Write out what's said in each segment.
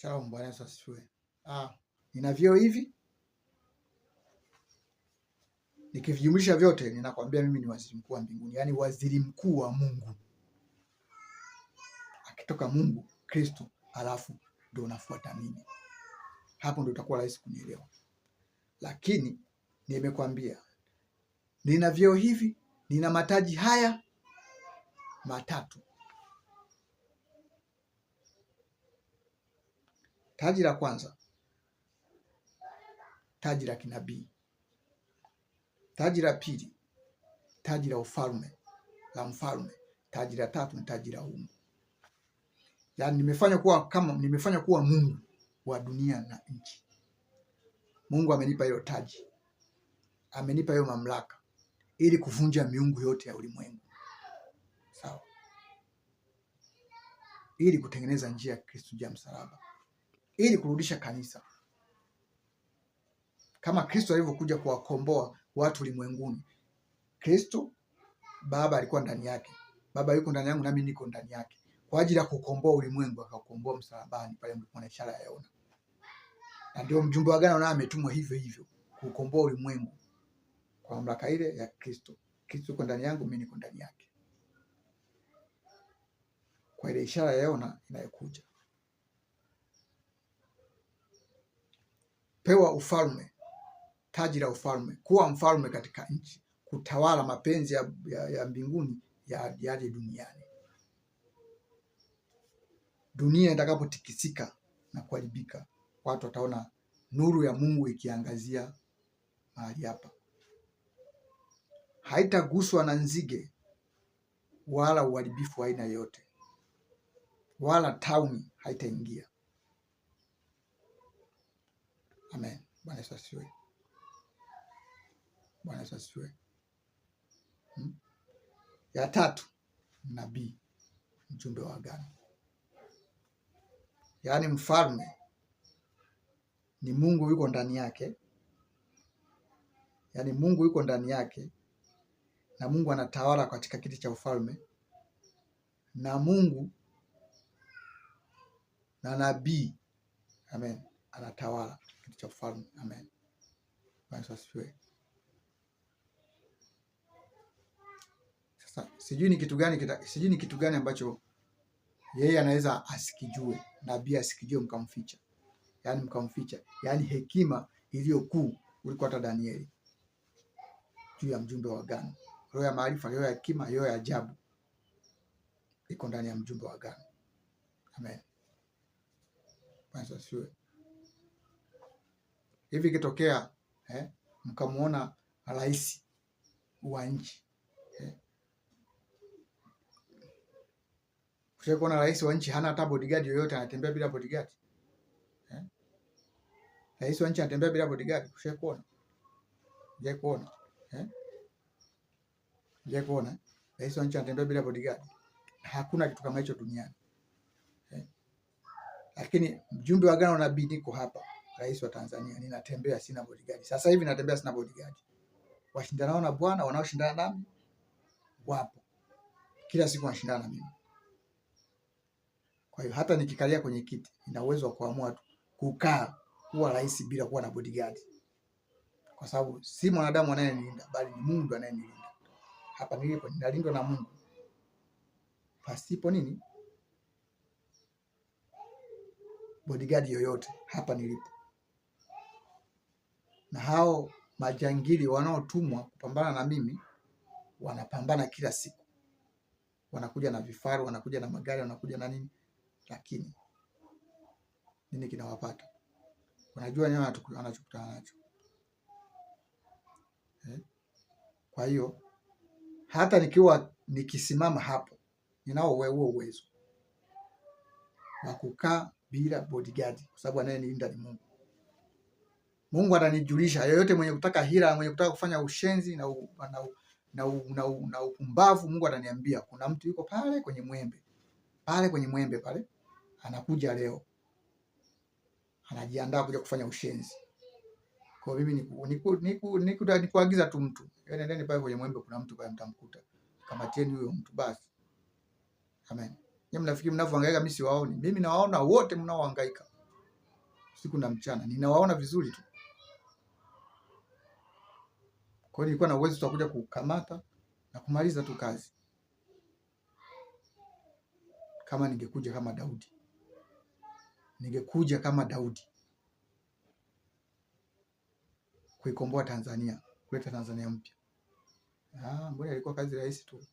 Shalom, Bwana Yesu asifiwe. Ah, nina vyeo hivi, nikivijumlisha vyote ninakwambia mimi ni waziri mkuu wa mbinguni, yaani waziri mkuu wa Mungu. Akitoka Mungu Kristo, alafu ndo unafuata mimi, hapo ndo utakuwa rahisi kunielewa. Lakini nimekwambia nina vyeo hivi, nina mataji haya matatu Taji la kwanza, taji la kinabii. Taji la pili, taji la ufalme la mfalme. Taji la tatu ni taji la uungu. yani nimefanya kuwa kama nimefanya kuwa Mungu wa dunia na nchi. Mungu amenipa hiyo taji, amenipa hiyo mamlaka ili kuvunja miungu yote ya ulimwengu, sawa, ili kutengeneza njia ya Kristo ya msalaba ili kurudisha kanisa kama Kristo alivyokuja kuwakomboa watu ulimwenguni. Kristo Baba alikuwa ndani yake, Baba yuko ndani yangu, nami niko ndani yake, kwa ajili ya kukomboa ulimwengu. Akakomboa msalabani pale na ishara ya Yona, na ndio mjumbe wa agano naye ametumwa hivyo hivyo kukomboa ulimwengu kwa mamlaka ile ya Kristo. Kristo yuko ndani yangu, mimi niko ndani yake, kwa ile ishara ya Yona inayokuja pewa ufalme, taji la ufalme, kuwa mfalme katika nchi, kutawala mapenzi ya, ya, ya mbinguni yaje duniani. Dunia itakapotikisika na kuharibika, watu wataona nuru ya Mungu ikiangazia mahali hapa. Haitaguswa na nzige wala uharibifu wa aina yote, wala tauni haitaingia. Amen. Bwana Yesu asifiwe. Bwana Yesu asifiwe. Hmm? Ya tatu, nabii mjumbe wa agano, yaani mfalme ni Mungu yuko ndani yake, yaani Mungu yuko ndani yake na Mungu anatawala katika kiti cha ufalme na Mungu na nabii amen, anatawala cha ufalme. Amen. Asifiwe. Sasa sijui ni kitu gani kita, sijui ni kitu gani ambacho yeye anaweza asikijue, nabii asikijue, mkamficha, yaani mkamficha, yaani hekima kuu kuliko hata Danieli juu ya mjumbe wa agano. Roho ya maarifa, roho ya hekima, roho ya ajabu iko ndani ya mjumbe wa agano. Amen. Bwana asifiwe hivi ikitokea eh, mkamwona rais wa nchi eh, kuona rais wa nchi hana hata bodyguard yoyote, anatembea bila bodyguard eh, rais wa nchi anatembea bila bodyguard. Kushakuona kuona eh, kuona rais wa nchi anatembea bila bodyguard. Hakuna kitu kama hicho duniani eh. Lakini mjumbe wa agano nabii niko hapa rais wa Tanzania, ninatembea sina bodyguard. Sasa hivi natembea sina bodyguard. Washindanao na bwana wanaoshindana nami wapo kila siku, wanashindana mimi. Kwa hiyo hata nikikalia kwenye kiti, nina uwezo wa kuamua tu kukaa kuwa rais bila kuwa na bodyguard, kwa sababu si mwanadamu anayenilinda, bali ni Mungu anayenilinda. Hapa nilipo ninalindwa na Mungu pasipo nini bodyguard yoyote hapa nilipo na hao majangili wanaotumwa kupambana na mimi wanapambana kila siku, wanakuja na vifaru, wanakuja na magari, wanakuja na nini, lakini nini kinawapata? Wanajua nini wanachokutana nacho eh? Kwa hiyo hata nikiwa nikisimama hapo, ninao huo uwezo wa kukaa bila bodyguard, kwa sababu anayenilinda ni Mungu. Mungu ananijulisha Yoyote mwenye kutaka hila, mwenye kutaka kufanya ushenzi na, u, na, na, na, u, na, na upumbavu, Mungu ananiambia kuna mtu yuko pale kwenye mwembe pale kwenye mwembe pale, anakuja leo, anajiandaa kuja kufanya ushenzi. Kwa mimi niku, niku, niku, niku, nikuagiza tu mtu, yaani nendeni pale kwenye mwembe, kuna mtu pale, mtamkuta, kamatieni huyo mtu basi. Amen. Nyinyi mnafikiri mnavyohangaika mimi siwaoni? Mimi nawaona wote mnaohangaika, siku na mchana, ninawaona vizuri tu. Kwa hiyo nilikuwa na uwezo wa kuja kukamata na kumaliza tu kazi kama ningekuja kama Daudi, ningekuja kama Daudi kuikomboa Tanzania, kuleta Tanzania mpya. Ah, mbona ilikuwa kazi rahisi tu.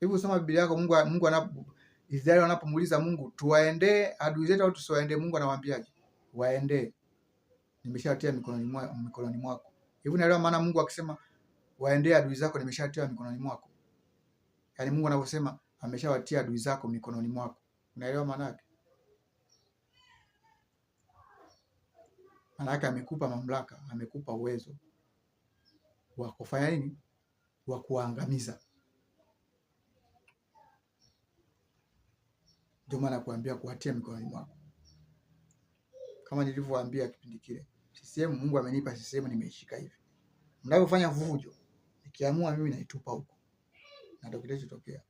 hivyo? soma Biblia yako. Mungu Mungu anapo Israeli wanapomuuliza Mungu, tuwaendee adui zetu au tusiwaendee? Mungu anawaambiaje? Waendee, nimeshawatia mikononi mwako. Hivi unaelewa maana Mungu akisema waendee adui zako nimeshatia mikononi mwako? Yaani Mungu anaposema ameshawatia adui zako mikononi mwako. Unaelewa maana yake? Maana yake amekupa mamlaka, amekupa uwezo wa kufanya nini? Wa kuangamiza. Ndio maana kuambia kuwatia mikononi mwako, kama nilivyowaambia kipindi kile. CCM Mungu amenipa CCM, nimeishika hivi. Mnavyofanya vujo, nikiamua mimi naitupa huko, na ndio kilichotokea.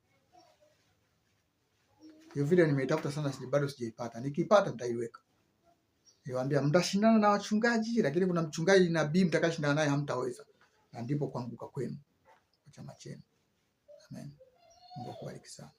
Hiyo video nimeitafuta sana, bado sijaipata. Nikipata nitaiweka. Niwaambia mtashindana na wachungaji, lakini kuna mchungaji nabii mtakashindana naye hamtaweza, na ndipo kuanguka kwenu kwa chama chenu. Amen. Mungu akubariki sana.